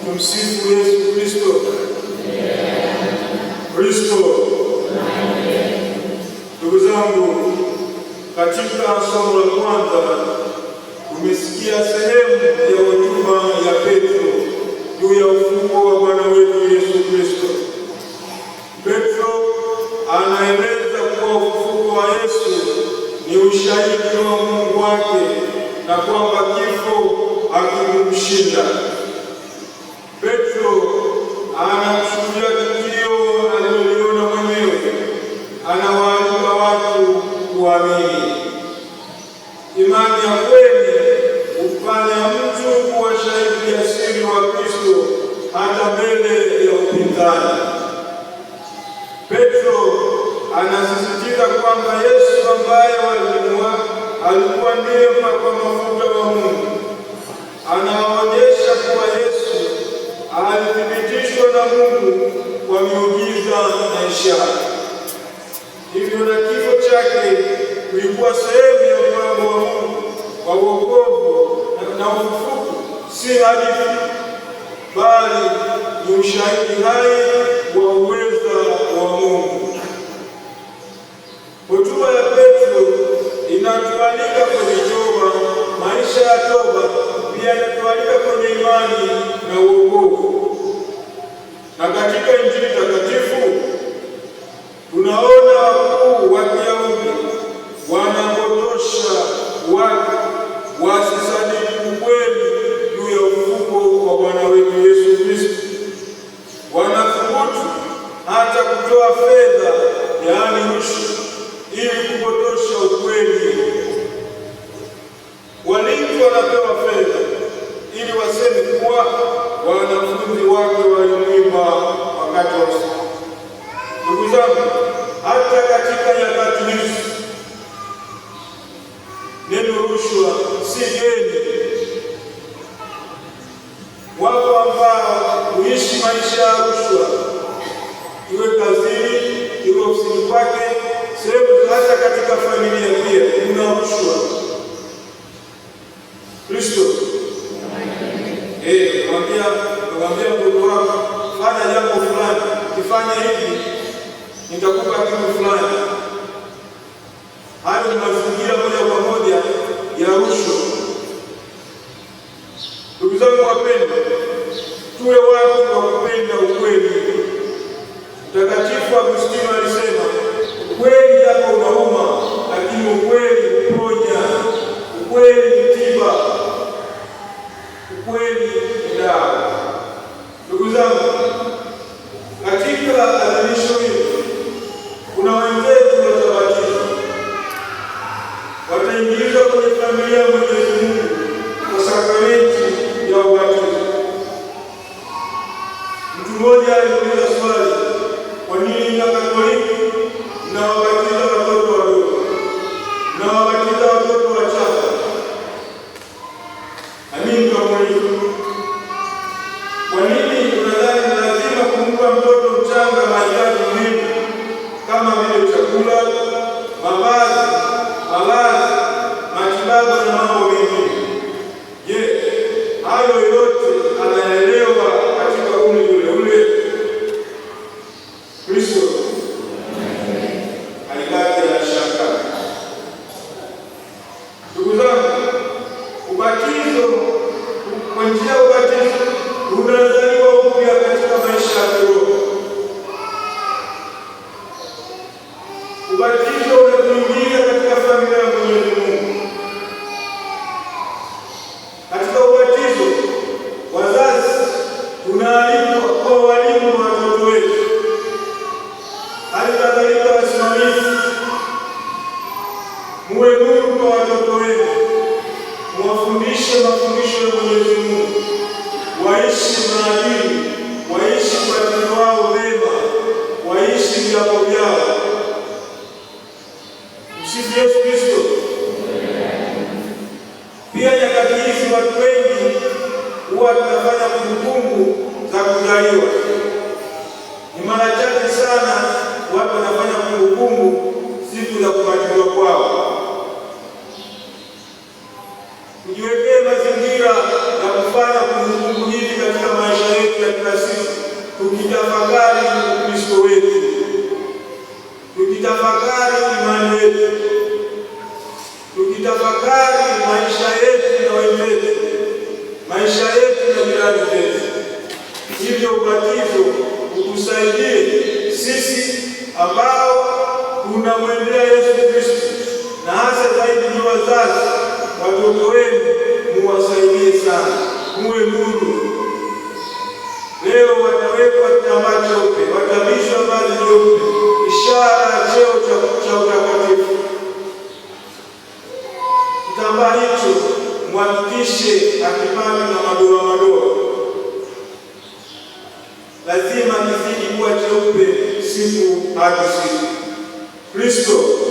Tumsifu Yesu Kristo. Kristo, ndugu zangu, katika somo la kwanza tumesikia sehemu ya hotuba ya Petro juu ya ufufuo wa Bwana wetu Yesu Kristo. Petro anaeleza kuwa ufufuo wa Yesu ni ushahidi wa Mungu wake na kwamba kifo hakikumshinda. wa Kristo hata mbele ya upinzani. Petro anasisitiza kwamba Yesu ambaye walimua alikuwa ndiye mpakwa mafuta wa Mungu. Anaonyesha kuwa Yesu alithibitishwa na Mungu kwa miujiza na ishara, hivyo na kifo chake kulikuwa sehemu ya mpango wa Mungu wa wokovu na ufufuko, si hadithi bali ni ushahidi hai wa uweza wa Mungu. Hotuba ya Petro inatualika kwenye toba. Maisha ya toba pia inatualika kwenye imani na uokovu, na katika Injili zangu, hata katika nyakati hizi neno rushwa si geni. Wako ambao huishi maisha ya rushwa, iwe kazini, iwe ofisini kwake, sehemu hata katika familia pia kuna rushwa. Kristo eh, mwambia mwambia mtoto wako fanya jambo fulani, kifanya hivi nitakupa kitu fulani. Hayo ni mazingira moja kwa moja ya rushwa. Ndugu zangu wapendwa, tuwe watu wa kupenda ukweli. Mtakatifu Agustino alisema ukweli yako unauma, lakini ukweli uponya, ukweli ni tiba, ukweli ni dawa. Ndugu zangu, katika adhimisho hili kujiingiza kwenye familia ya Mwenyezi Mungu kwa sakramenti ya ubatizo. Mtu mmoja aliuliza swali, kwa nini na Katoliki mnawabatiza watoto wadogo, mnawabatiza watoto wachanga? Nami nikamuuliza, kwa nini tunadhani lazima kumpa mtoto mchanga mahitaji muhimu kama vile chakula, mavazi, malazi kushangazwa na mambo mengi. Je, hayo yote anaelewa katika umri ule ule? Kristo alibaki anashangaa. Ndugu zangu, ubatizo kwa njia ya ubatizo unazaliwa upya katika maisha ya kiroho. kumbukumbu za kuzaliwa. Ni mara chache sana watu wanafanya kumbukumbu siku za kubatizwa kwao. Kujiwekea mazingira na kufanya kumbukumbu hizi katika maisha yetu ya kila siku, tukitafakari Ukristo wetu, tukitafakari imani yetu, tukitafakari maisha yetu na wenzetu maisha yetu na milele. Hivyo ubatizo utusaidie sisi ambao tunamwendea Yesu Kristo, na hasa zaidi ni wazazi, watoto wenu muwasaidie sana, muwe nuru. Leo watawekwa kitambaa cheupe, watavishwa vazi jeupe, ishara ya cheo cha utakatifu. Kitambaa hicho mhakikishe hakipani na madoa madoa lazima kizidi kuwa cheupe siku hadi siku. Kristo